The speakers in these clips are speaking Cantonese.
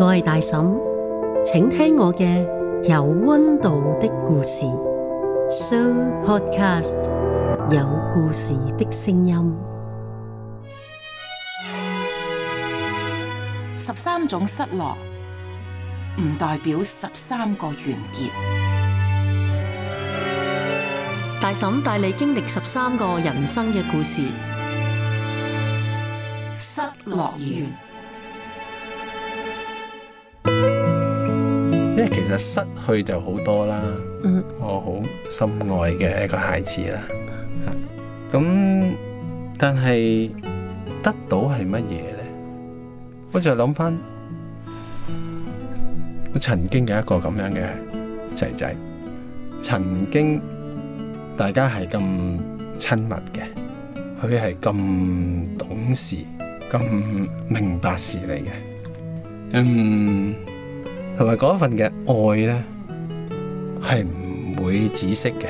我係大嬸，請聽我嘅有温度的故事，Show Podcast 有故事的聲音。十三種失落唔代表十三個完結，大嬸帶你經歷十三個人生嘅故事，失落而完。即係其實失去就好多啦，嗯、我好心愛嘅一個孩子啦。咁 但係得到係乜嘢呢？我就諗翻我曾經有一個咁樣嘅仔仔，曾經大家係咁親密嘅，佢係咁懂事，咁明白事理嘅。嗯。同埋嗰一份嘅愛呢，係唔會止息嘅。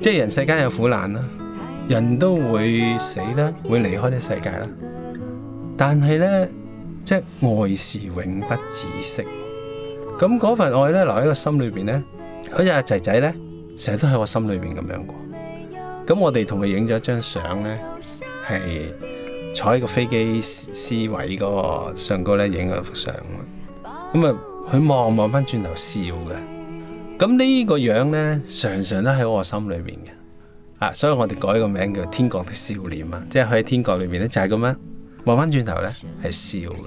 即係人世間有苦難啦，人都會死啦，會離開呢世界啦。但係呢，即係愛是永不止息。咁嗰份愛呢，留喺個心裏邊呢，好似阿仔仔呢。成日都喺我心裏面咁樣過，咁我哋同佢影咗一張相呢，係坐喺個飛機 C 位嗰個上高呢影咗幅相，咁啊佢望望翻轉頭笑嘅，咁呢個樣呢，常常都喺我心裏面嘅，啊，所以我哋改個名叫「天國的笑臉」啊，即係佢喺天國裏面呢，就係咁樣望翻轉頭呢，係笑嘅。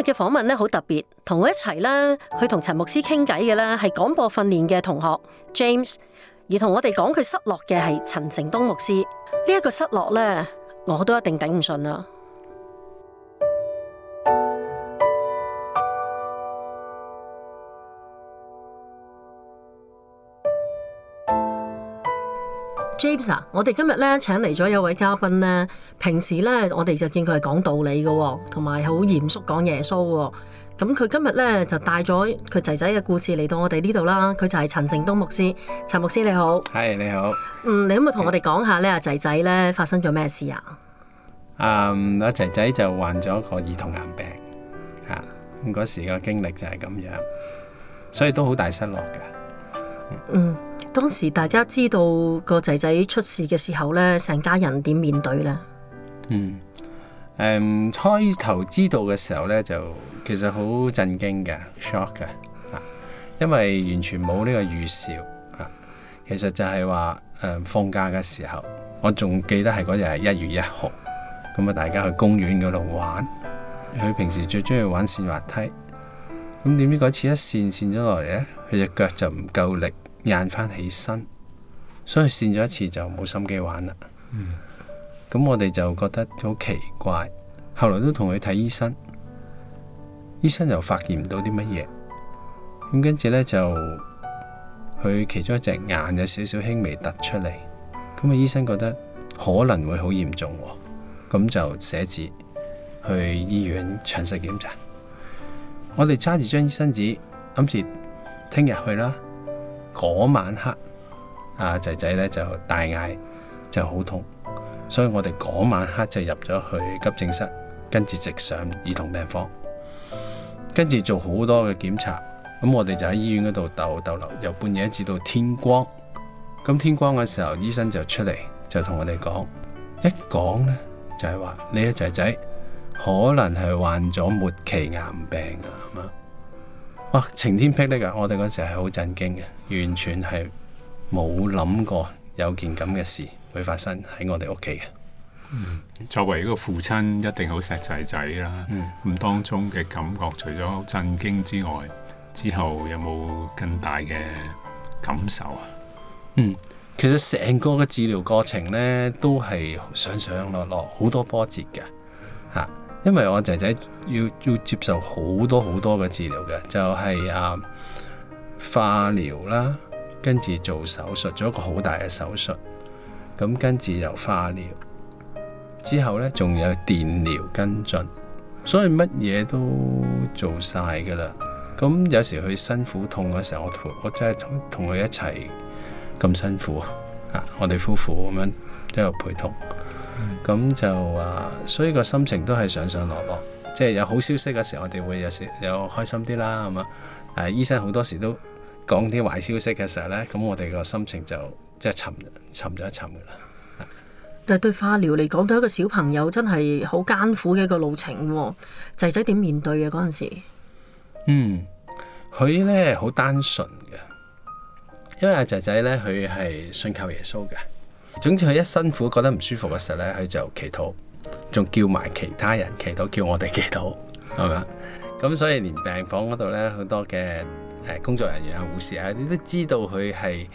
佢嘅訪問咧好特別，同我一齊咧去同陳牧師傾偈嘅咧係廣播訓練嘅同學 James，而同我哋講佢失落嘅係陳成東牧師。呢、這、一個失落咧，我都一定頂唔順啦。James、啊、我哋今日咧請嚟咗有位嘉賓咧，平時咧我哋就見佢係講道理嘅、哦，同埋好嚴肅講耶穌嘅、哦。咁、嗯、佢今日咧就帶咗佢仔仔嘅故事嚟到我哋呢度啦。佢就係陳成東牧師，陳牧師你好，係你好。嗯，你可唔可以同我哋講下咧仔仔咧發生咗咩事啊？嗯，um, 我仔仔就患咗個兒童癌病吓，嗰、啊、時嘅經歷就係咁樣，所以都好大失落嘅。嗯，當時大家知道個仔仔出事嘅時候呢，成家人點面對呢？嗯，誒、嗯，開頭知道嘅時候呢，就其實好震驚嘅，shock 嘅，因為完全冇呢個預兆、啊、其實就係話、嗯，放假嘅時候，我仲記得係嗰日係一月一號，咁啊，大家去公園嗰度玩，佢平時最中意玩瀡滑梯，咁點知次一瀡，瀡咗落嚟呢？佢隻腳就唔夠力，硬翻起身，所以跣咗一次就冇心機玩啦。咁、嗯、我哋就覺得好奇怪，後來都同佢睇醫生，醫生又發現唔到啲乜嘢，咁跟住呢，就佢其中一隻眼有少少輕微突出嚟，咁啊，醫生覺得可能會好嚴重、啊，咁就寫字去醫院詳細檢查。我哋揸住張醫生紙諗住。聽日去啦！嗰晚黑，阿、啊、仔仔咧就大嗌，就好痛，所以我哋嗰晚黑就入咗去急症室，跟住直上兒童病房，跟住做好多嘅檢查。咁我哋就喺醫院嗰度逗逗留，由半夜一直到天光。咁天光嘅時候，醫生就出嚟，就同我哋講，一講呢，就係、是、話你個仔仔可能係患咗末期癌病啊。哇！晴天霹靂啊！我哋嗰時係好震驚嘅，完全係冇諗過有件咁嘅事會發生喺我哋屋企嘅。嗯，作為一個父親，一定好錫仔仔啦。嗯，咁當中嘅感覺，除咗震驚之外，之後有冇更大嘅感受啊？嗯，其實成個嘅治療過程呢，都係上上落落，好多波折嘅。因為我仔仔要要接受好多好多嘅治療嘅，就係啊化療啦，跟住做手術，做一個好大嘅手術，咁跟住又化療，之後呢，仲有電療跟進，所以乜嘢都做晒噶啦。咁有時佢辛苦痛嘅時候，我陪我真係同佢一齊咁辛苦啊！我哋夫婦咁樣都有陪同。咁、嗯、就啊，所以個心情都係上上落落，即係有好消息嘅時候，我哋會有時有開心啲啦，係嘛？誒，醫生好多時都講啲壞消息嘅時候咧，咁我哋個心情就即係沉沉咗一沉噶啦。但係對化療嚟講，對一個小朋友真係好艱苦嘅一個路程喎。仔仔點面對嘅嗰陣時？嗯，佢咧好單純嘅，因為阿仔仔咧佢係信靠耶穌嘅。總之，佢一辛苦覺得唔舒服嘅時候呢，佢就祈禱，仲叫埋其他人祈禱，叫我哋祈禱，係咪啊？咁所以連病房嗰度呢，好多嘅誒工作人員啊、護士啊，你都知道佢係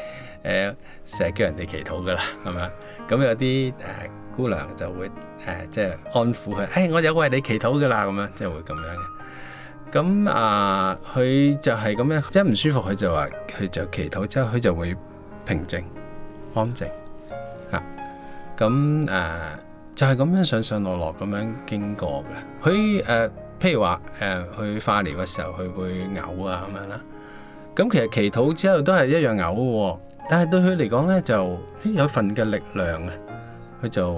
成日叫人哋祈禱噶啦，係咪啊？咁有啲誒、呃、姑娘就會誒、呃、即係安撫佢，誒、哎、我有為你祈禱噶啦，咁樣即係會咁樣嘅。咁啊，佢、呃、就係咁樣一唔舒服，佢就話佢就祈禱之後，佢就會平靜安靜。咁誒、啊、就係、是、咁樣上上落落咁樣經過嘅，佢誒、呃、譬如話誒去化療嘅時候，佢會嘔啊咁樣啦。咁其實祈禱之後都係一樣嘔嘅，但係對佢嚟講呢，就有一份嘅力量嘅，佢就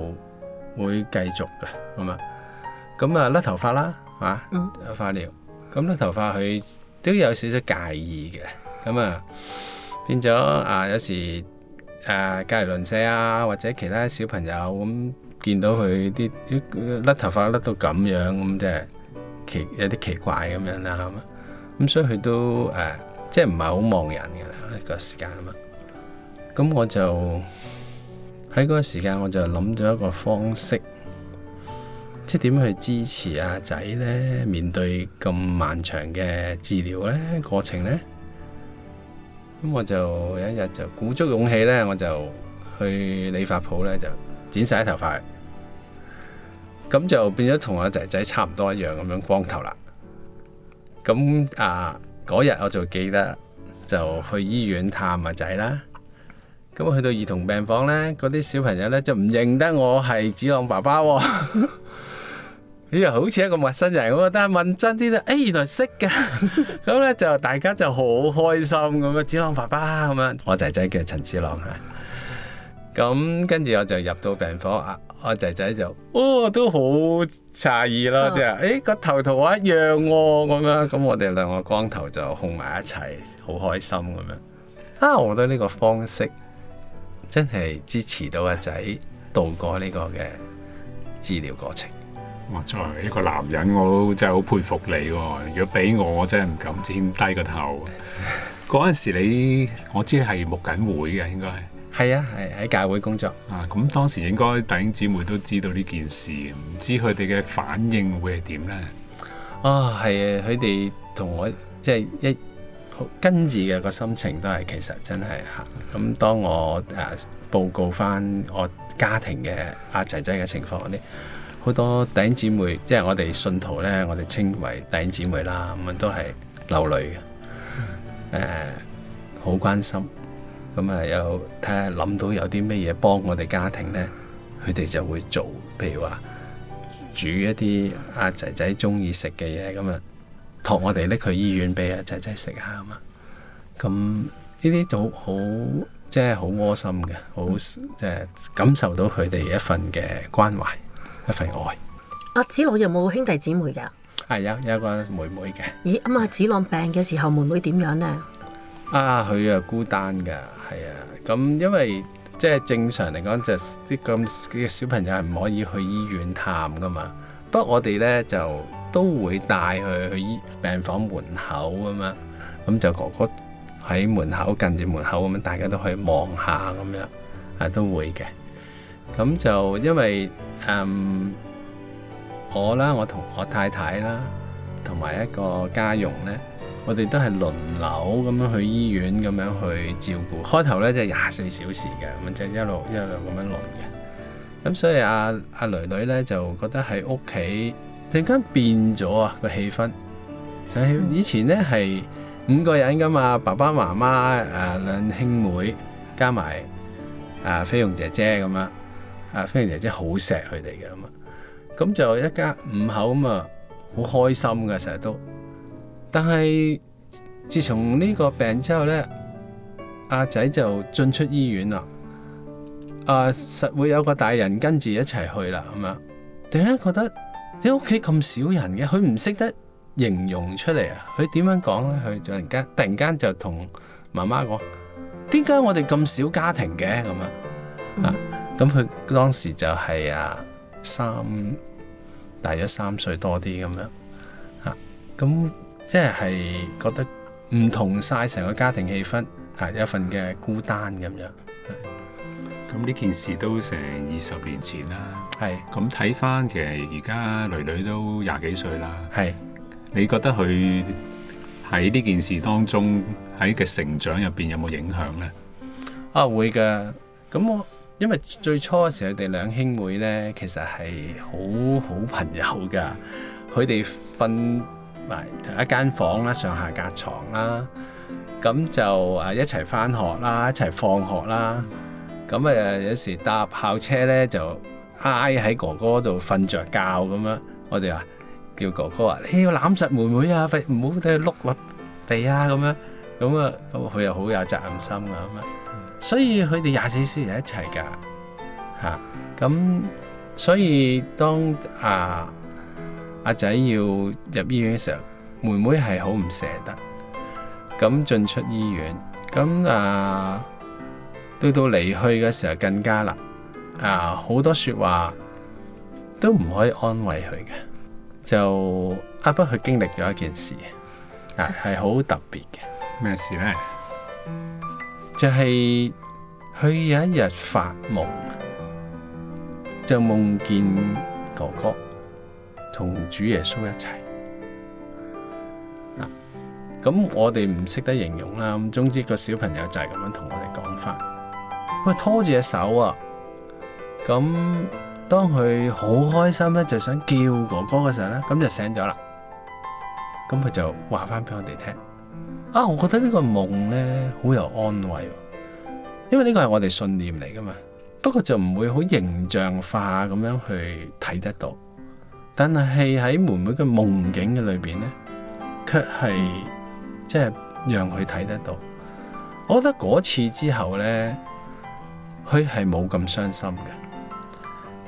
會繼續嘅，係嘛？咁啊甩頭髮啦，啊、嗯、化療，咁甩頭髮佢都有少少介意嘅，咁啊變咗啊有時。啊、隔離鄰舍啊，或者其他小朋友咁、嗯、見到佢啲甩頭髮甩到咁樣咁、嗯，即係奇有啲奇怪咁樣啦。係嘛？咁所以佢都誒、啊，即係唔係好望人嘅啦，個時間啊嘛。咁我就喺嗰個時間，我就諗咗一個方式，即係點去支持阿仔咧，面對咁漫長嘅治療咧過程咧。咁我就有一日就鼓足勇氣呢，我就去理髮鋪呢，就剪晒啲頭髮，咁就變咗同我仔仔差唔多一樣咁樣光頭啦。咁啊嗰日我就記得就去醫院探阿仔啦。咁去到兒童病房呢，嗰啲小朋友呢，就唔認得我係子朗爸爸。 咦，好似一個陌生人咁啊！但係問真啲咧，誒、哎，原來識噶，咁咧就大家就好開心咁樣！子朗爸爸咁樣，我仔仔叫陳子朗吓，咁跟住我就入到病房啊，我仔仔就哦都好詫異咯，即係誒個頭同我一樣咁、哦、樣，咁、嗯嗯、我哋兩個光頭就控埋一齊，好開心咁樣。嗯、啊，我覺得呢個方式真係支持到阿仔度過呢個嘅治療過程。作為一個男人，我都真係好佩服你喎、哦！如果俾我，我真係唔敢唔低個頭。嗰 陣時你，我知係牧緊會嘅，應該係啊，係喺、啊啊、教會工作啊。咁、嗯、當時應該弟兄姊妹都知道呢件事，唔知佢哋嘅反應會係點咧？啊，係啊！佢哋同我即係一好跟住嘅個心情都係，其實真係嚇。咁、啊嗯、當我誒、啊、報告返我家庭嘅阿仔仔嘅情況啲。好多頂姊妹，即係我哋信徒咧，我哋稱為頂姊妹啦。咁啊，都係流淚嘅，誒，好關心咁啊。有睇下諗到有啲咩嘢幫我哋家庭咧，佢哋就會做，譬如話煮一啲阿仔仔中意食嘅嘢，咁啊託我哋搦去醫院俾阿仔仔食下啊嘛。咁呢啲就好，即係好窩心嘅，好即係感受到佢哋一份嘅關懷。一份愛。阿、啊、子朗有冇兄弟姊妹噶？係、啊、有，有一個妹妹嘅。咦，咁、嗯、阿子朗病嘅時候，妹妹點樣呢？啊，佢啊孤單噶，係啊。咁、嗯、因為即係正常嚟講，就啲咁嘅小朋友係唔可以去醫院探噶嘛。不過，我哋呢，就都會帶佢去醫病房門口咁樣，咁、嗯、就哥哥喺門口近住門口咁樣，大家都可以望下咁樣，啊、嗯嗯、都會嘅。咁、嗯、就因為。嗯、um，我啦，我同我太太啦，同埋一個家傭咧，我哋都係輪流咁樣去醫院咁樣去照顧。開頭咧就係廿四小時嘅，咁就一路一路咁樣輪嘅。咁所以阿阿囡囡咧就覺得喺屋企突然間變咗啊個氣氛。就係以前咧係五個人㗎嘛，爸爸媽媽誒兩兄妹加埋誒菲傭姐姐咁樣。阿、啊、飛爺爺好錫佢哋嘅嘛，咁就一家五口咁啊，好開心嘅成日都。但係自從呢個病之後咧，阿、啊、仔就進出醫院啦。啊，實會有個大人跟住一齊去啦，咁樣突。突然間覺得點解屋企咁少人嘅？佢唔識得形容出嚟啊！佢點樣講咧？佢突然間突然間就同媽媽講：點解我哋咁少家庭嘅咁啊？啊！咁佢當時就係啊三，大約三歲多啲咁樣嚇，咁即係覺得唔同晒成個家庭氣氛，係、啊、一份嘅孤單咁樣。咁呢件事都成二十年前啦，係咁睇返，其實而家女女都廿幾歲啦，係你覺得佢喺呢件事當中喺嘅成長入邊有冇影響咧？啊，會㗎，咁我。因為最初嘅時候，佢哋兩兄妹咧，其實係好好朋友㗎。佢哋瞓埋同一間房啦，上下隔床啦。咁就誒一齊返學啦，一齊放學啦。咁誒有時搭校車咧，就挨喺哥哥度瞓着覺咁樣。我哋話叫哥哥話：你要攬實妹妹啊，唔好喺度碌落地啊咁樣。咁啊，咁佢又好有責任心㗎咁啊。所以佢哋廿四小時一齊噶，吓、啊、咁，所以當阿阿仔要入醫院嘅時候，妹妹係好唔捨得，咁、啊、進出醫院，咁啊，到到離去嘅時候更加啦，啊好多說話都唔可以安慰佢嘅，就阿伯佢經歷咗一件事，嗱係好特別嘅，咩 事呢、啊？就係、是、佢有一日發夢，就夢見哥哥同主耶穌一齊嗱，咁、啊、我哋唔識得形容啦，咁總之個小朋友就係咁樣同我哋講翻，喂拖住隻手啊，咁當佢好開心咧，就想叫哥哥嘅時候咧，咁就醒咗啦，咁佢就話翻俾我哋聽。啊！我覺得個夢呢個夢呢好有安慰、啊，因為呢個係我哋信念嚟噶嘛。不過就唔會好形象化咁樣去睇得到，但係喺妹妹嘅夢境嘅裏邊呢卻係即係讓佢睇得到。我覺得嗰次之後呢，佢係冇咁傷心嘅，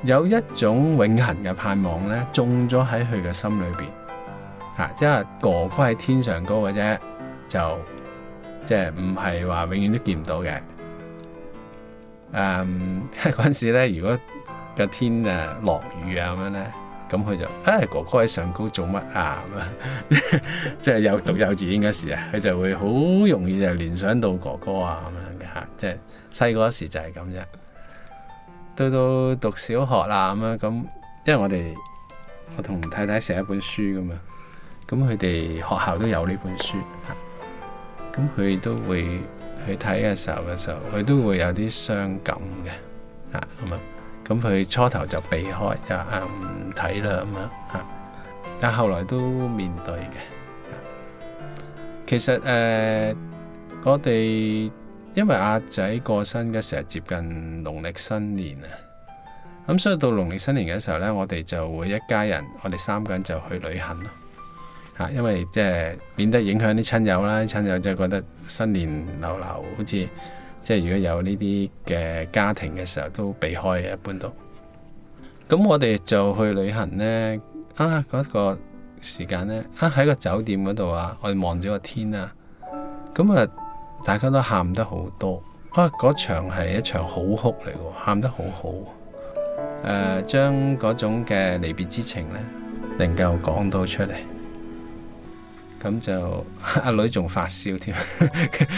有一種永恆嘅盼望呢，種咗喺佢嘅心裏邊。嚇、啊，即係哥哥喺天上高嘅啫。就即係唔係話永遠都見唔到嘅，誒，嗰陣時咧，如果個天誒、啊、落雨啊咁樣咧，咁佢就誒、啊、哥哥喺上高做乜啊咁樣，即 係有讀幼稚園嗰時啊，佢就會好容易就聯想到哥哥啊咁、啊就是、樣嘅吓，即係細個嗰時就係咁啫。到到讀小學啦咁樣咁，因為我哋我同太太寫一本書噶嘛，咁佢哋學校都有呢本書。咁佢都會去睇嘅時候嘅時候，佢都會有啲傷感嘅，啊咁啊，咁佢初頭就避開啊唔睇啦咁樣啊，但後來都面對嘅。其實誒、呃，我哋因為阿仔過身嘅時候接近農曆新年啊，咁所以到農曆新年嘅時候咧，我哋就會一家人，我哋三個人就去旅行咯。因為即係免得影響啲親友啦，啲親友即係覺得新年流流，好似即係如果有呢啲嘅家庭嘅時候都避開嘅，一般都。咁我哋就去旅行呢。啊嗰、嗰個時間呢，啊喺個酒店嗰度啊，我哋望住個天啊，咁啊大家都喊得好多，啊嗰場係一場好哭嚟嘅，喊得好好，誒將嗰種嘅離別之情呢，能夠講到出嚟。咁就阿、啊、女仲發燒添，即係、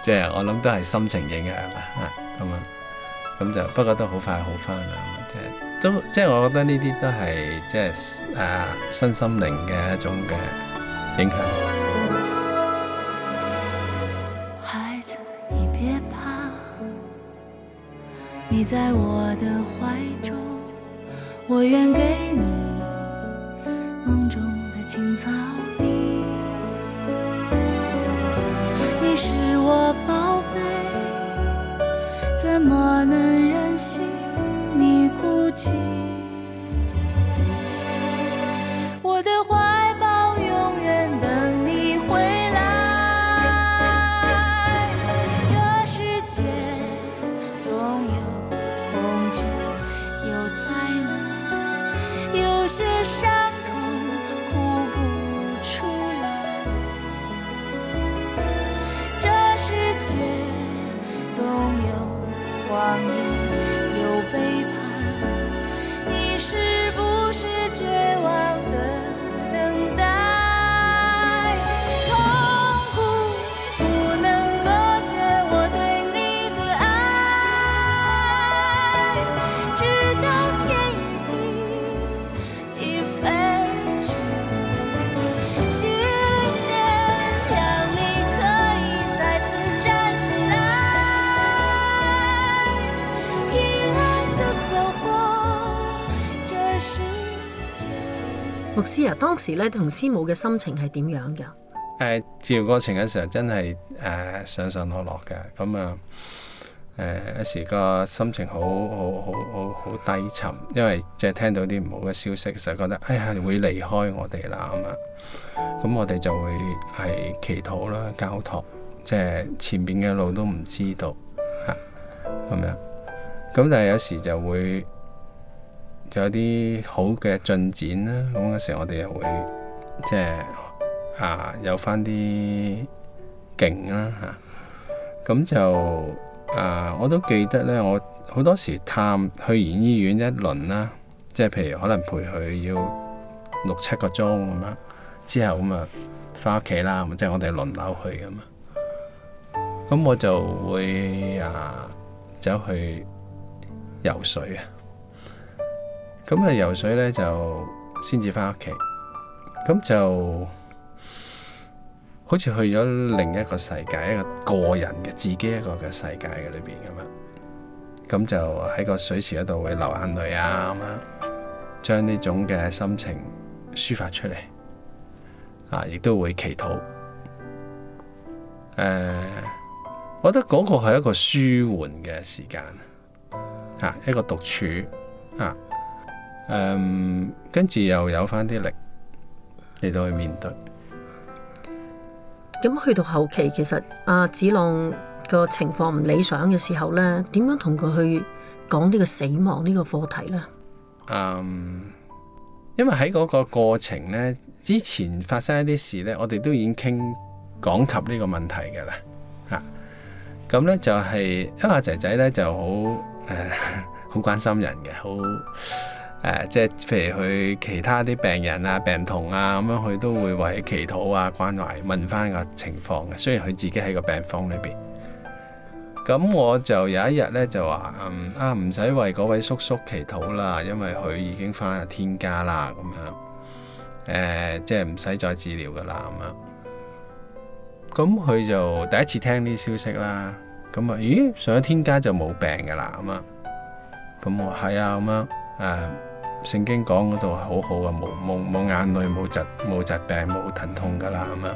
就是、我諗都係心情影響，啊咁樣，咁就不過都快好快好翻啦，即、就、係、是、都即係、就是、我覺得呢啲都係即係啊身心靈嘅一種嘅影響。孩子，你別怕，你在我的懷中，我願給你夢中的青草。你是我寶貝，怎麼能忍心你哭泣？牧師啊，當時咧同師母嘅心情係點樣嘅？誒、哎、治療過程嗰時候真係誒、呃、上上落落嘅，咁啊誒、呃、有時個心情好好好好好低沉，因為即係聽到啲唔好嘅消息，就覺得哎呀會離開我哋啦嘛。咁、啊、我哋就會係祈禱啦、交託，即、就、係、是、前邊嘅路都唔知道嚇咁樣、啊。咁但係有時就會。有啲好嘅進展啦，咁嗰時我哋又會即係啊有翻啲勁啦、啊、嚇，咁就啊我都記得咧，我好多時探去完醫院一輪啦，即係譬如可能陪佢要六七個鐘咁樣，之後咁啊翻屋企啦，咁即係我哋輪流去咁嘛，咁我就會啊走去游水啊。咁啊游水咧就先至翻屋企，咁就好似去咗另一個世界，一個個人嘅自己一個嘅世界嘅裏邊咁啊，咁就喺個水池嗰度會流眼淚啊咁啊，將呢 種嘅心情抒發出嚟，啊亦都會祈禱，誒、啊，我覺得嗰個係一個舒緩嘅時間，啊一個獨處啊。誒，跟住、um, 又有翻啲力嚟到去面對。咁、嗯、去到後期，其實阿、啊、子浪個情況唔理想嘅時候呢，點樣同佢去講呢個死亡呢個課題呢？Um, 因為喺嗰個過程呢，之前發生一啲事呢，我哋都已經傾講及呢個問題嘅啦。吓、啊，咁呢就係、是、因為仔仔呢就好誒，好、哎、關心人嘅，好。誒、呃，即係譬如佢其他啲病人啊、病童啊咁樣，佢都會為佢祈禱啊、關懷問翻個情況嘅。雖然佢自己喺個病房裏邊，咁我就有一日咧就話、嗯：啊，唔使為嗰位叔叔祈禱啦，因為佢已經翻去天家啦，咁樣誒、呃，即係唔使再治療噶啦，咁樣。咁佢就第一次聽呢消息啦，咁啊，咦，上咗天家就冇病噶啦，咁、嗯、啊，咁我係啊，咁樣誒。啊啊啊聖經講嗰度好好啊，冇冇冇眼淚，冇疾冇疾病，冇疼痛噶啦咁樣。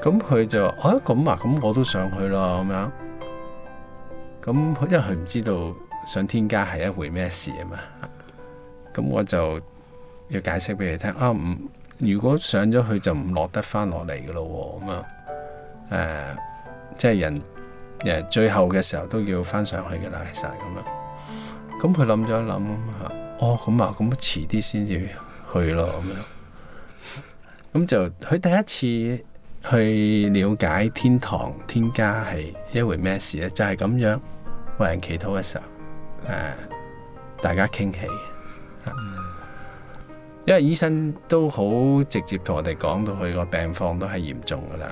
咁佢就啊咁啊，咁、啊、我都上去咯咁樣。咁因為佢唔知道想添加係一回咩事啊嘛。咁我就要解釋俾你聽啊，唔如果上咗去就唔落得翻落嚟噶咯喎咁啊。誒、就是，即係人誒最後嘅時候都要翻上去噶啦，其實咁啊。咁佢諗咗一諗哦，咁啊，咁遲啲先至去咯，咁樣。咁就佢第一次去了解天堂天家係一回咩事咧，就係咁樣為人祈禱嘅時候，誒、啊，大家傾起、啊，因為醫生都好直接同我哋講到佢個病況都係嚴重噶啦，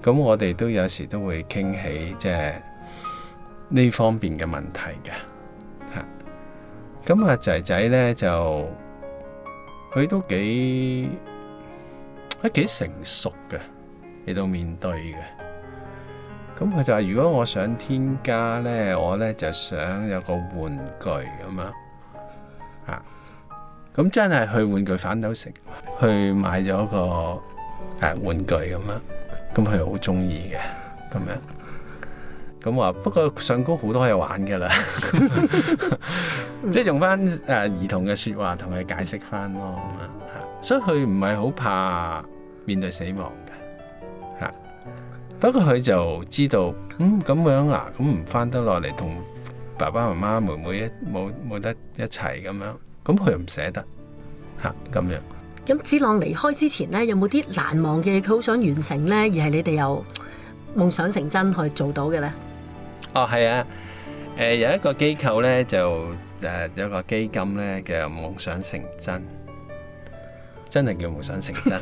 咁樣，咁我哋都有時都會傾起即係呢方面嘅問題嘅。咁阿仔仔咧就佢都幾，佢幾成熟嘅嚟到面對嘅。咁佢就話：如果我想添加咧，我咧就想有個玩具咁樣。啊，咁真係去玩具反斗城去買咗個誒、啊、玩具咁樣，咁佢好鍾意嘅咁樣。咁話不過上高好多嘢玩噶啦，即係用翻誒兒童嘅說話同佢解釋翻咯，咁樣，所以佢唔係好怕面對死亡嘅，嚇。不過佢就知道，嗯咁樣啊，咁唔翻得落嚟，同爸爸媽媽、妹妹一冇冇得一齊咁樣，咁佢又唔捨得嚇咁樣。咁子朗離開之前咧，有冇啲難忘嘅佢好想完成咧？而係你哋又夢想成真去做到嘅咧？哦，係啊，誒有一個機構咧，就誒有一個基金咧，叫夢想成真，真係叫夢想成真。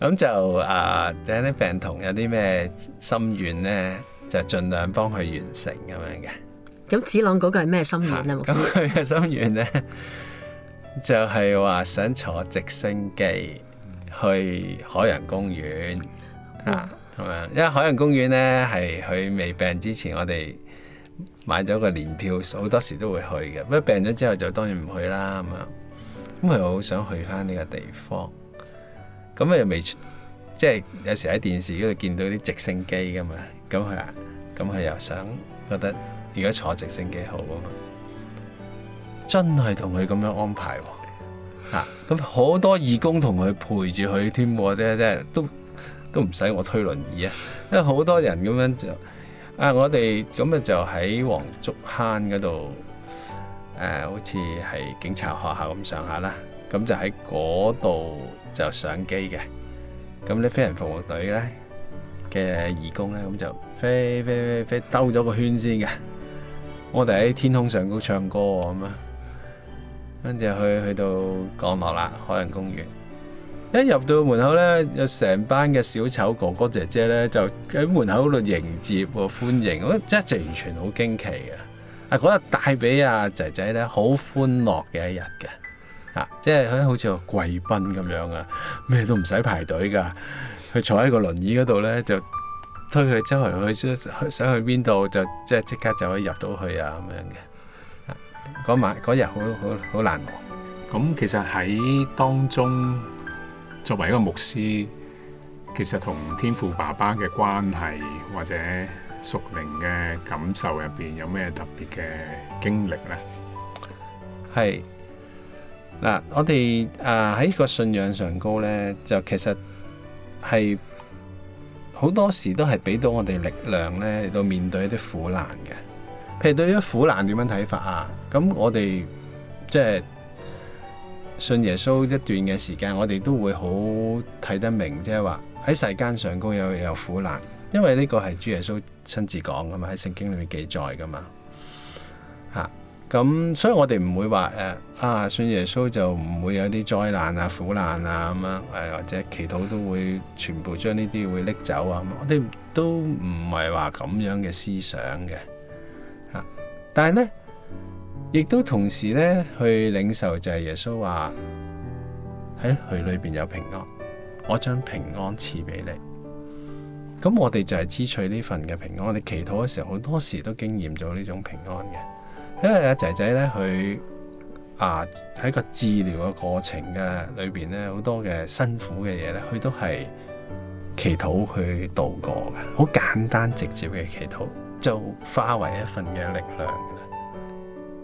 咁就啊，有啲病童有啲咩心願咧，就盡量幫佢完成咁樣嘅。咁子朗嗰個係咩心願咧？咁佢嘅心願咧，就係話想坐直升機去海洋公園啊。因為海洋公園呢，係佢未病之前，我哋買咗個年票，好多時都會去嘅。不過病咗之後就當然唔去啦。咁樣咁佢好想去返呢個地方。咁佢又未即係有時喺電視嗰度見到啲直升機㗎嘛。咁佢啊，咁佢又想覺得如果坐直升機好啊嘛，真係同佢咁樣安排喎，吓，咁好多義工同佢陪住佢添，即即係都。都唔使我推輪椅啊，因為好多人咁樣就啊，我哋咁啊就喺黃竹坑嗰度，誒、啊、好似係警察學校咁上下啦，咁就喺嗰度就上機嘅。咁啲飛行服務隊咧嘅義工咧，咁就飛飛飛飛兜咗個圈先嘅。我哋喺天空上高唱歌咁啊，跟住去去到降落啦，海洋公園。一入到門口呢，有成班嘅小丑哥哥姐姐呢，就喺門口度迎接、歡迎，我一陣完全好驚奇嘅，那個。啊，嗰日帶俾阿仔仔呢，好歡樂嘅一日嘅，即係好似個貴賓咁樣啊，咩都唔使排隊噶，佢坐喺個輪椅嗰度呢，就推佢周圍去想去邊度就即係即刻就可以入到去啊咁樣嘅。嗰晚嗰日好好好難忘。咁其實喺當中。作為一個牧師，其實同天父爸爸嘅關係或者屬靈嘅感受入邊，有咩特別嘅經歷呢？係嗱，我哋啊喺個信仰上高咧，就其實係好多時都係俾到我哋力量咧，嚟到面對一啲苦難嘅。譬如對於苦難點樣睇法啊？咁我哋即係。信耶穌一段嘅時間，我哋都會好睇得明，即係話喺世間上高有有苦難，因為呢個係主耶穌親自講噶嘛，喺聖經裏面記載噶嘛。嚇、啊、咁，所以我哋唔會話誒啊信耶穌就唔會有啲災難啊苦難啊咁樣，誒、啊、或者祈禱都會全部將呢啲會拎走啊。我哋都唔係話咁樣嘅思想嘅嚇、啊，但係咧。亦都同時咧，去領受就係耶穌話喺佢裏邊有平安，我將平安賜俾你。咁我哋就係支取呢份嘅平安。我哋祈禱嘅時候，好多時都經驗咗呢種平安嘅。因為阿仔仔咧，佢啊喺個治療嘅過程嘅裏邊咧，好多嘅辛苦嘅嘢咧，佢都係祈禱去度過嘅，好簡單直接嘅祈禱，就化為一份嘅力量。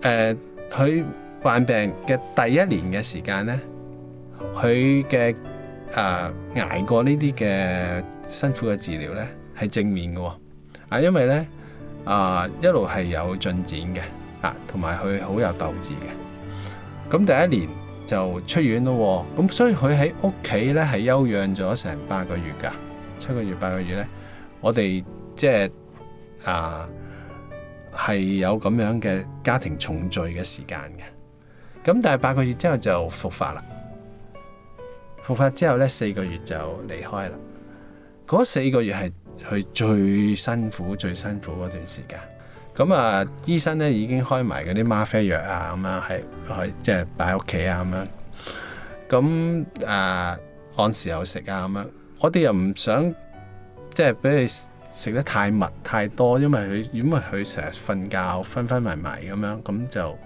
誒，佢、呃、患病嘅第一年嘅時間咧，佢嘅誒捱過呢啲嘅辛苦嘅治療咧，係正面嘅，哦呃，啊，因為咧啊一路係有進展嘅，啊，同埋佢好有鬥志嘅。咁第一年就出院咯，哦，咁所以佢喺屋企咧係休養咗成八個月噶，七個月八個月咧，我哋即係啊。呃係有咁樣嘅家庭重聚嘅時間嘅，咁但係八個月之後就復發啦。復發之後呢，四個月就離開啦。嗰四個月係佢最辛苦、最辛苦嗰段時間。咁啊，醫生呢已經開埋嗰啲嗎啡藥啊，咁樣係去即係擺屋企啊，咁樣。咁啊，按時有食啊，咁樣。我哋又唔想即係俾佢。就是食得太密太多，因為佢因為佢成日瞓覺昏昏迷迷咁樣，咁就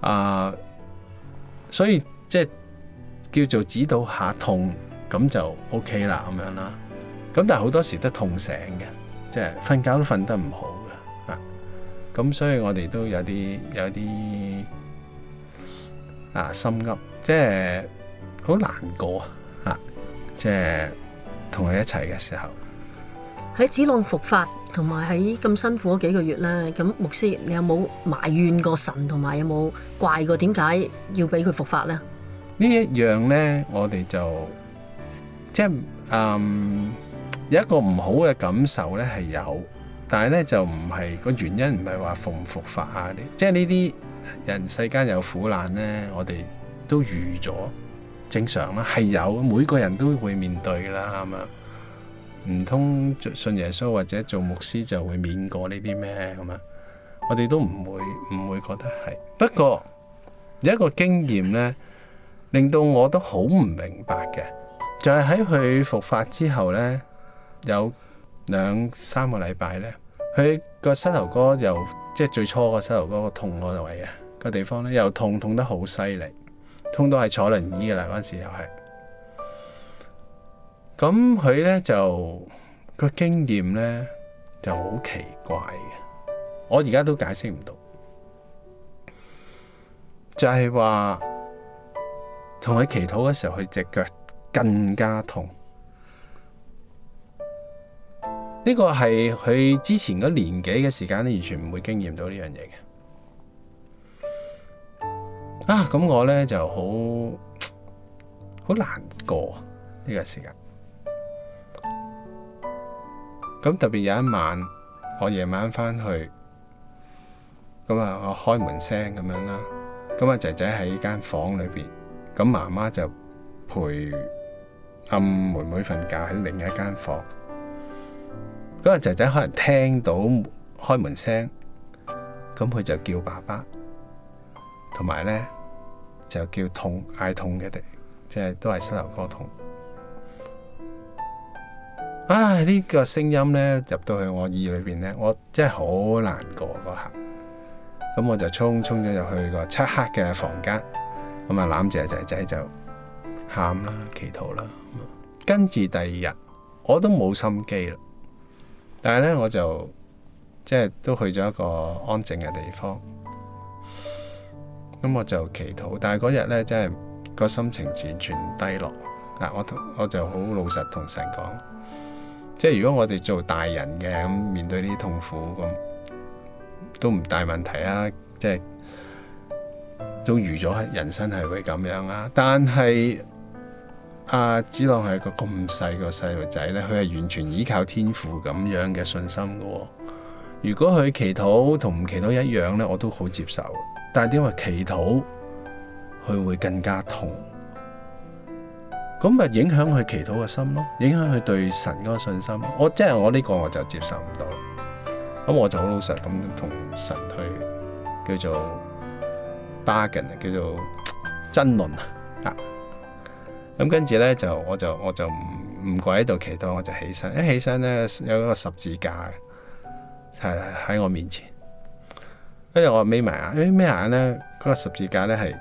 啊，所以即係叫做指導下痛，咁就 OK 啦咁樣啦。咁但係好多時都痛醒嘅，即係瞓覺都瞓得唔好嘅啊。咁所以我哋都有啲有啲啊心急，即係好難過啊！即係同佢一齊嘅時候。喺子浪復發，同埋喺咁辛苦嗰幾個月咧，咁牧師，你有冇埋怨過神，同埋有冇怪過點解要俾佢復發咧？呢一樣咧，我哋就即係嗯，有一個唔好嘅感受咧，係有，但係咧就唔係個原因，唔係話復唔復發啊啲，即係呢啲人世間有苦難咧，我哋都預咗正常啦，係有，每個人都會面對啦，係嘛。唔通信耶穌或者做牧師就會免過呢啲咩咁啊？我哋都唔會唔會覺得係。不過有一個經驗呢，令到我都好唔明白嘅，就係喺佢復發之後呢，有兩三個禮拜呢，佢個膝頭哥又即係最初個膝頭哥個痛個位啊、個地方呢又痛，痛得好犀利，痛到係坐輪椅噶啦嗰時又係。咁佢呢，就個經驗呢，就好奇怪嘅，我而家都解釋唔到，就係話同佢祈禱嘅時候，佢隻腳更加痛。呢個係佢之前嗰年紀嘅時間呢，完全唔會經驗到呢樣嘢嘅。啊，咁我呢，就好好難過呢個時間。咁特別有一晚，我夜晚翻去，咁啊我開門聲咁樣啦，咁啊仔仔喺間房裏邊，咁媽媽就陪阿妹妹瞓覺喺另一間房，咁啊仔仔可能聽到開門聲，咁佢就叫爸爸，同埋咧就叫痛、嗌痛嘅，即係都係膝頭哥痛。啊！呢、這個聲音呢，入到去我耳裏邊呢，我真係好難過嗰、啊、下。咁我就衝衝咗入去個漆黑嘅房間，咁啊攬住仔仔就喊啦，祈禱啦。跟住、嗯、第二日我都冇心機啦，但係呢，我就即係都去咗一個安靜嘅地方。咁我就祈禱，但係嗰日呢，真係個心情完全，全低落。嗱、啊，我同我就好老實同神講。即係如果我哋做大人嘅，咁面對呢啲痛苦咁，都唔大問題啊！即係都預咗，人生係會咁樣啊！但係阿子朗係個咁細個細路仔咧，佢係完全依靠天父咁樣嘅信心嘅、哦。如果佢祈禱同唔祈禱一樣咧，我都好接受。但係點解祈禱，佢會更加痛。咁咪影響佢祈禱嘅心咯，影響佢對神嗰個信心咯。我即係我呢個我就接受唔到啦。咁我就好老實咁同神去叫做 bargain 叫做爭論啊。咁跟住咧就我就我就唔唔跪喺度祈禱，我就起身。一起身咧有一個十字架係喺我面前，跟住我眯埋眼，眯埋眼咧，嗰個十字架咧係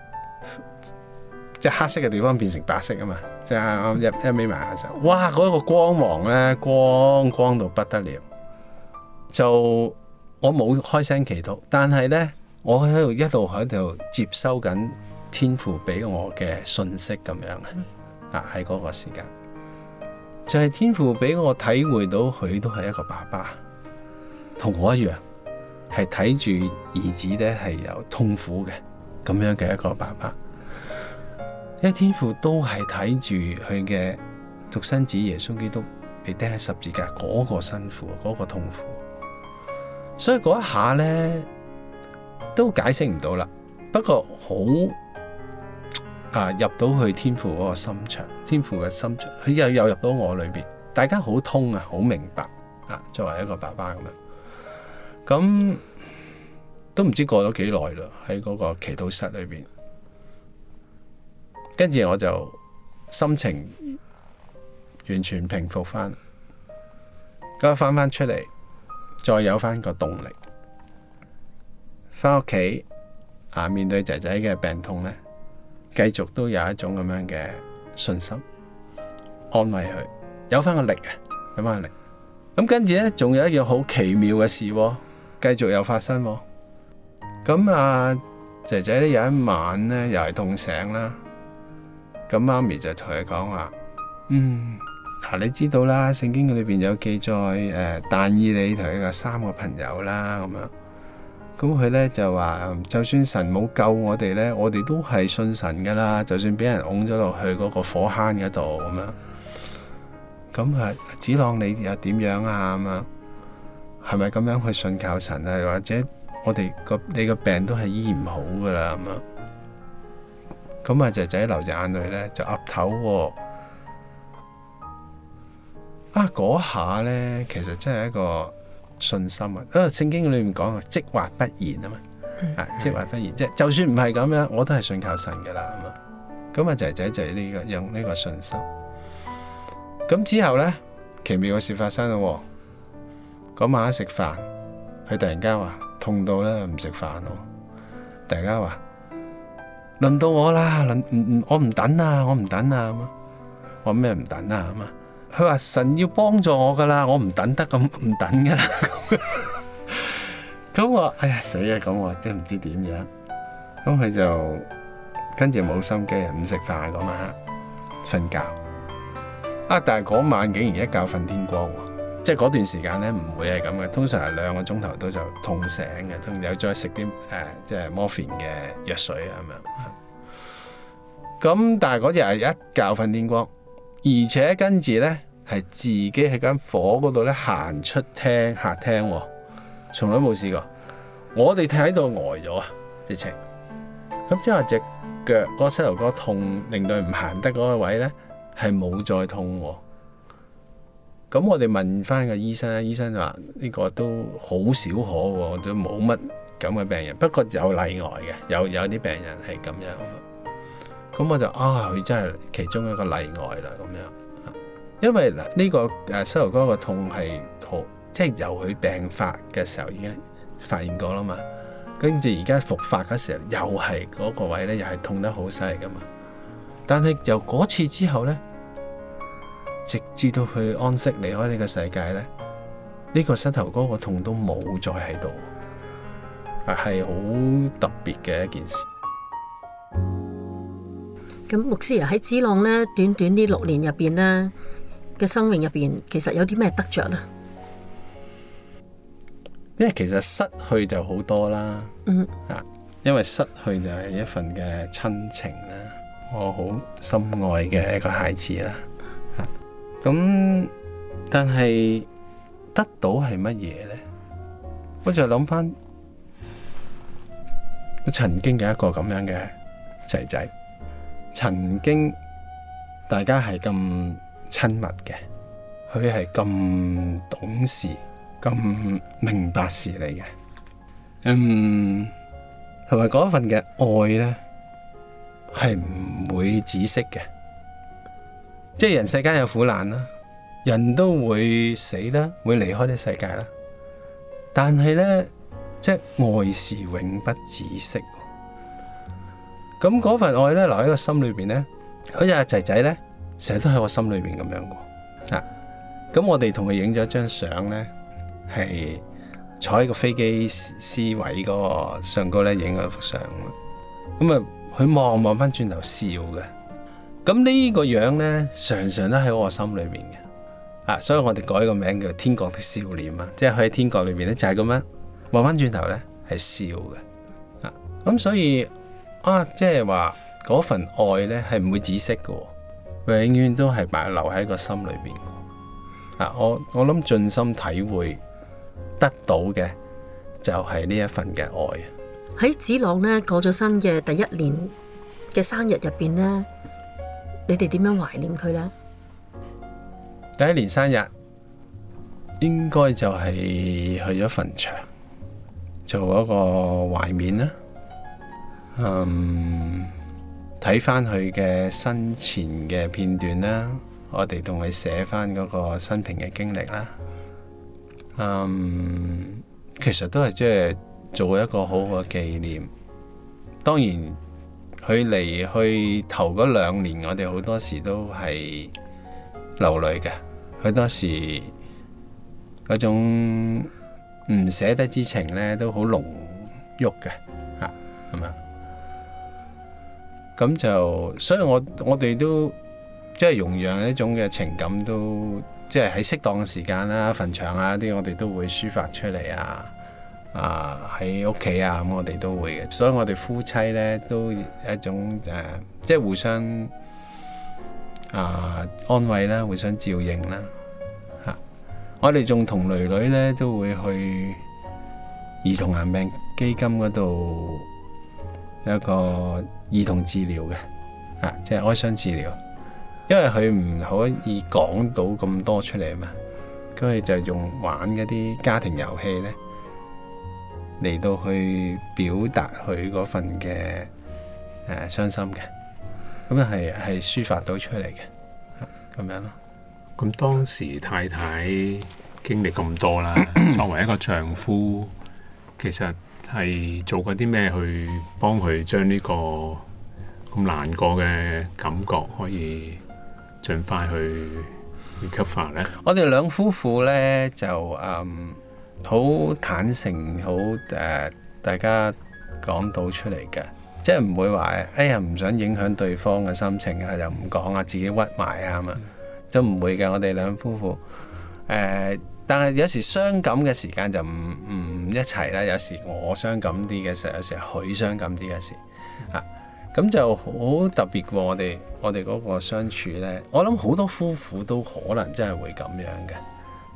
即係黑色嘅地方變成白色啊嘛～就啱啱一眯埋眼，哇！嗰、那個光芒咧，光光到不得了。就我冇開聲祈禱，但係咧，我喺度一路喺度接收緊天父俾我嘅信息咁樣。啊、嗯，喺嗰個時間，就係、是、天父俾我體會到佢都係一個爸爸，同我一樣，係睇住兒子咧係有痛苦嘅咁樣嘅一個爸爸。因為天父都係睇住佢嘅獨生子耶穌基督被釘喺十字架嗰個辛苦，嗰個痛苦，所以嗰一下呢，都解釋唔到啦。不過好啊，入到去天父嗰個心腸，天父嘅心腸，佢又又入到我裏邊，大家好通啊，好明白啊。作為一個爸爸咁樣，咁都唔知過咗幾耐啦，喺嗰個祈禱室裏邊。跟住我就心情完全平復翻，咁翻翻出嚟，再有翻個動力翻屋企啊，面對仔仔嘅病痛咧，繼續都有一種咁樣嘅信心，安慰佢，有翻個力啊，有翻個力。咁跟住咧，仲有一樣好、嗯、奇妙嘅事、哦，繼續又發生、哦。咁、嗯、啊，仔仔咧有一晚咧，又係痛醒啦。咁媽咪就同佢講話，嗯，嗱，你知道啦，聖經佢裏邊有記載，誒、呃，但以理同佢嘅三個朋友啦，咁樣，咁佢咧就話，就算神冇救我哋咧，我哋都係信神噶啦，就算俾人拱咗落去嗰個火坑嗰度咁樣，咁、嗯、啊，子朗你又點樣啊？咁、嗯、樣，係咪咁樣去信靠神啊？或者我哋個你個病都係依然唔好噶啦？咁樣。咁啊，仔仔流住眼淚咧，就岌頭喎！啊，嗰下咧，其實真係一個信心啊！啊，聖經裏面講啊，即或不然啊嘛，啊，即或不然，即就算唔係咁樣，我都係信靠神噶啦，咁啊，仔仔就係呢個用呢個信心。咁之後咧，奇妙嘅事發生啦喎！嗰晚一食飯，佢突然間話痛到咧，唔食飯咯，突然間話。輪到我啦，輪唔唔我唔等啊，我唔等啊，咁啊，我咩唔等啊咁啊？佢話神要幫助我噶啦，我唔等得咁唔等噶啦。咁、 嗯、我哎呀死啊！咁、嗯、我真係唔知點樣。咁佢就跟住冇心機啊，唔食飯嗰晚，瞓覺啊，但係嗰晚竟然一覺瞓天光。即係嗰段時間咧，唔會係咁嘅，通常係兩個鐘頭都就痛醒嘅，同有再食啲誒，即係 morphine 嘅藥水咁樣。咁但係嗰日一覺瞓天光，而且跟住咧係自己喺間火嗰度咧行出廳客廳，哦、從來冇試過。我哋喺度呆咗啊，直情。咁即係隻腳嗰、那個、膝頭哥痛，令到唔行得嗰個位咧係冇再痛。咁我哋問翻個醫生啦，醫生話呢個都好少可喎，都冇乜咁嘅病人。不過有例外嘅，有有啲病人係咁樣。咁我就啊，佢真係其中一個例外啦咁樣。因為呢個誒膝頭哥嘅痛係好，即係由佢病發嘅時候已經發現過啦嘛。跟住而家復發嗰時候，又係嗰個位咧，又係痛得好犀利噶嘛。但係由嗰次之後咧。直至到佢安息離開呢個世界咧，呢個膝頭哥個痛都冇再喺度，啊係好特別嘅一件事。咁牧師啊，喺子浪咧短短咧六年入邊咧嘅生命入邊，其實有啲咩得着咧？因為其實失去就好多啦，嗯啊，因為失去就係一份嘅親情啦，我好心愛嘅一個孩子啦。咁，但係得到係乜嘢咧？我就諗翻，我曾經嘅一個咁樣嘅仔仔，曾經大家係咁親密嘅，佢係咁懂事、咁明白事理嘅，嗯，同埋嗰一份嘅愛咧，係唔會止息嘅。即係人世間有苦難啦，人都會死啦，會離開呢世界啦。但係咧，即係愛是永不止息。咁嗰份愛咧，留喺我心裏邊咧，好似阿仔仔咧，成日都喺我心裏邊咁樣噶。啊，咁我哋同佢影咗一張相咧，係坐喺個飛機 C 位嗰個上高咧，影咗幅相。咁啊，佢望望翻轉頭笑嘅。咁呢個樣呢，常常都喺我心裏邊嘅。啊，所以我哋改個名叫天國的少年」就是慢慢，啊，即係喺天國裏邊呢，就係咁樣，話翻轉頭呢，係笑嘅，啊，咁所以啊，即係話嗰份愛呢，係唔會紫色嘅，永遠都係擺留喺個心裏邊啊，我我諗盡心體會得到嘅就係呢一份嘅愛。喺子朗呢，過咗身嘅第一年嘅生日入邊呢。你哋點樣懷念佢呢？第一年生日應該就係去咗墳場做嗰個懷念啦。嗯，睇翻佢嘅生前嘅片段啦，我哋同佢寫翻嗰個生平嘅經歷啦。嗯，其實都係即係做一個好好嘅紀念。當然。佢嚟去,去頭嗰兩年，我哋好多時都係流淚嘅，佢多時嗰種唔捨得之情咧，都好濃郁嘅，係咪呀？咁就所以我我哋都即係容讓呢種嘅情感都，都即係喺適當嘅時間啦、啊、墳場啊啲，我哋都會抒發出嚟啊。啊喺屋企啊，咁、啊、我哋都會嘅，所以我哋夫妻咧都一種誒、啊，即係互相啊安慰啦，互相照應啦。吓、啊，我哋仲同女女咧都會去兒童癌病基金嗰度有一個兒童治療嘅吓，即係哀傷治療，因為佢唔可以講到咁多出嚟嘛，咁佢就用玩一啲家庭遊戲咧。嚟到去表達佢嗰份嘅誒、呃、傷心嘅，咁樣係係抒發到出嚟嘅，咁樣咯。咁當時太太經歷咁多啦， 作為一個丈夫，其實係做過啲咩去幫佢將呢個咁難過嘅感覺可以盡快去 recover 咧？ 我哋兩夫婦咧就嗯。好坦誠，好誒、呃，大家講到出嚟嘅，即係唔會話哎呀唔想影響對方嘅心情啊，就唔講啊，自己屈埋啊嘛，都唔、嗯、會嘅。我哋兩夫婦誒、呃，但係有時傷感嘅時間就唔唔一齊啦。有時我傷感啲嘅時候，有時佢傷感啲嘅事啊，咁就好特別過我哋我哋嗰個相處呢，我諗好多夫婦都可能真係會咁樣嘅。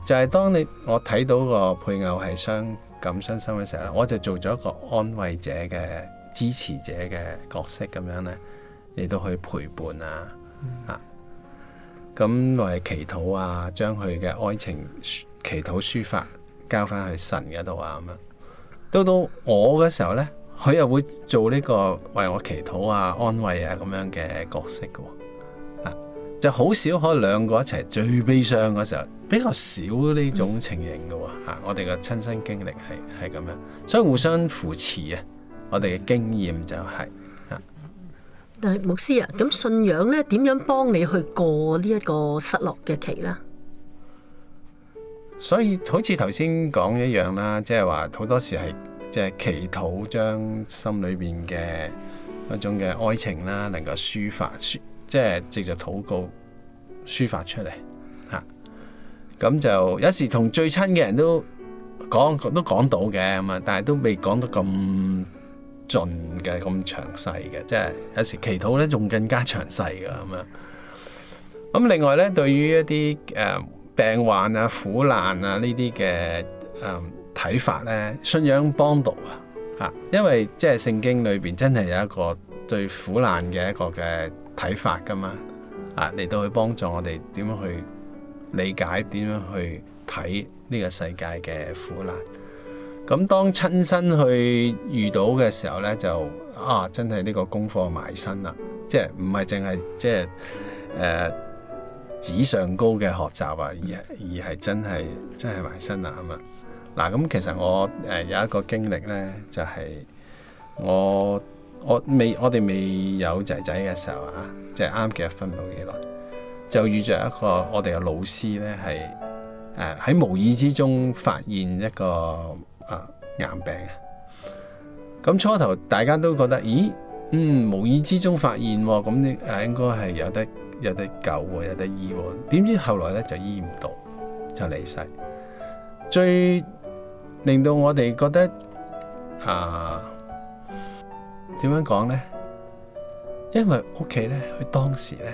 就係當你我睇到個配偶係傷感傷心嘅時候咧，我就做咗一個安慰者嘅支持者嘅角色咁樣咧，你都去陪伴啊嚇。咁或係祈禱啊，將佢嘅愛情祈禱抒發，交翻去神嗰度啊咁樣。到到我嘅時候咧，佢又會做呢、這個為我祈禱啊、安慰啊咁樣嘅角色嘅喎、哦。就好少可以兩個一齊最悲傷嗰時候，比較少呢種情形嘅喎、哦嗯啊、我哋嘅親身經歷係係咁樣，所以互相扶持啊！我哋嘅經驗就係、是啊、但係牧師啊，咁信仰呢點樣幫你去過呢一個失落嘅期咧？所以好似頭先講一樣啦，即係話好多時係即係祈禱，將心裏邊嘅一種嘅愛情啦，能夠抒發即係藉着禱告抒發出嚟嚇，咁、啊、就有時同最親嘅人都講都講到嘅咁啊，但係都未講得咁盡嘅咁詳細嘅，即係有時祈禱咧仲更加詳細嘅咁樣。咁、啊、另外咧，對於一啲誒、呃、病患啊、苦難啊、呃、呢啲嘅誒睇法咧，信仰幫到啊嚇，因為即係聖經裏邊真係有一個對苦難嘅一個嘅。睇法㗎嘛，啊嚟到去幫助我哋點樣去理解，點樣去睇呢個世界嘅苦難。咁、啊、當親身去遇到嘅時候呢，就啊真係呢個功課埋身啦，即係唔係淨係即係誒、呃、紙上高嘅學習啊，而而係真係真係埋身啊嘛。嗱咁其實我誒有一個經歷呢，就係、是、我。我未，我哋未有仔仔嘅時候啊，即係啱結婚冇幾耐，就遇着一個我哋嘅老師咧，係誒喺無意之中發現一個誒、啊、癌病啊。咁初頭大家都覺得，咦，嗯，無意之中發現，咁你誒應該係有得有得救喎，有得醫喎。點、啊、知後來咧就醫唔到，就離世。最令到我哋覺得啊～點樣講呢？因為屋企咧，佢當時咧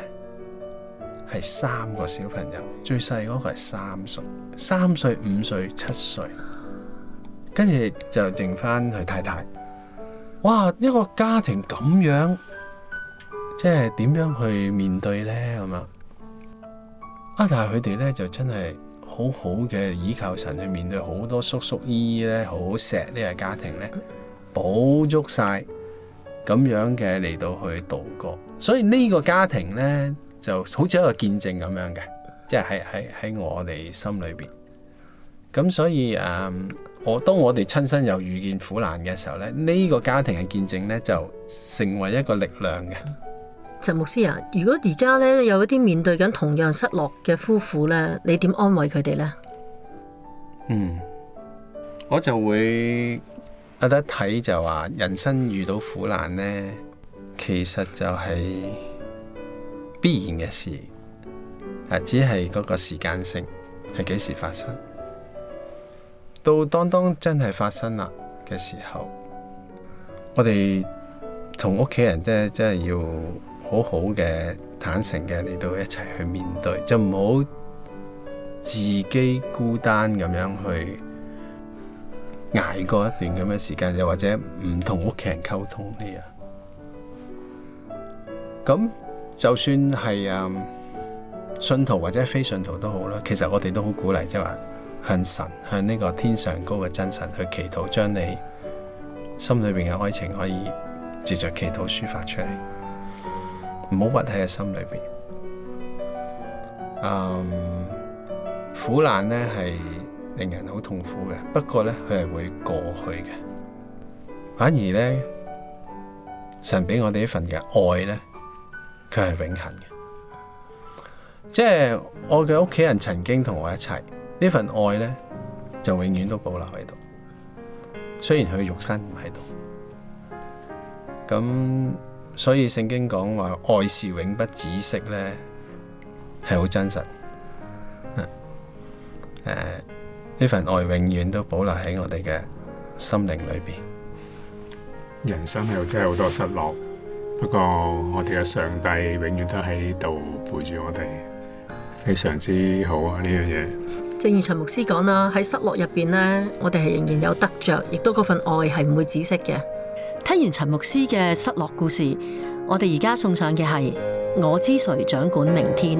係三個小朋友，最細嗰個係三歲，三歲、五歲、七歲，跟住就剩翻佢太太。哇！一個家庭咁樣，即係點樣去面對呢？咁啊，啊！但係佢哋咧就真係好好嘅，依靠神去面對，好多叔叔姨姨咧，好錫呢個家庭咧，補足晒。咁樣嘅嚟到去度過，所以呢個家庭呢就好似一個見證咁樣嘅，即係喺喺喺我哋心裏面。咁所以誒、嗯，我當我哋親身又遇見苦難嘅時候呢，呢、呢個家庭嘅見證呢就成為一個力量嘅。陳牧師啊，如果而家呢有一啲面對緊同樣失落嘅夫婦呢，你點安慰佢哋呢？嗯，我就會。有得睇就話，人生遇到苦難咧，其實就係必然嘅事，係只係嗰個時間性，係幾時發生。到當當真係發生啦嘅時候，我哋同屋企人即係真係要好好嘅坦誠嘅嚟到一齊去面對，就唔好自己孤單咁樣去。捱過一段咁嘅時間，又或者唔同屋企人溝通呢樣，咁就算係啊、嗯，信徒或者非信徒都好啦。其實我哋都好鼓勵，即係話向神、向呢個天上高嘅真神去祈禱，將你心裏邊嘅愛情可以藉着祈禱抒，抒發出嚟，唔好屈喺心裏邊、嗯。苦難呢係。令人好痛苦嘅，不過咧佢係會過去嘅，反而咧神俾我哋呢份嘅愛咧，佢係永恆嘅。即係我嘅屋企人曾經同我一齊，呢份愛咧就永遠都保留喺度。雖然佢肉身唔喺度，咁所以聖經講話愛是永不止息咧，係好真實。誒。啊呢份愛永遠都保留喺我哋嘅心靈裏邊。人生又真係好多失落，不過我哋嘅上帝永遠都喺度陪住我哋，非常之好啊！呢樣嘢，正如陳牧師講啦，喺失落入邊呢，我哋係仍然有得着，亦都嗰份愛係唔會止息嘅。聽完陳牧師嘅失落故事，我哋而家送上嘅係我知誰掌管明天。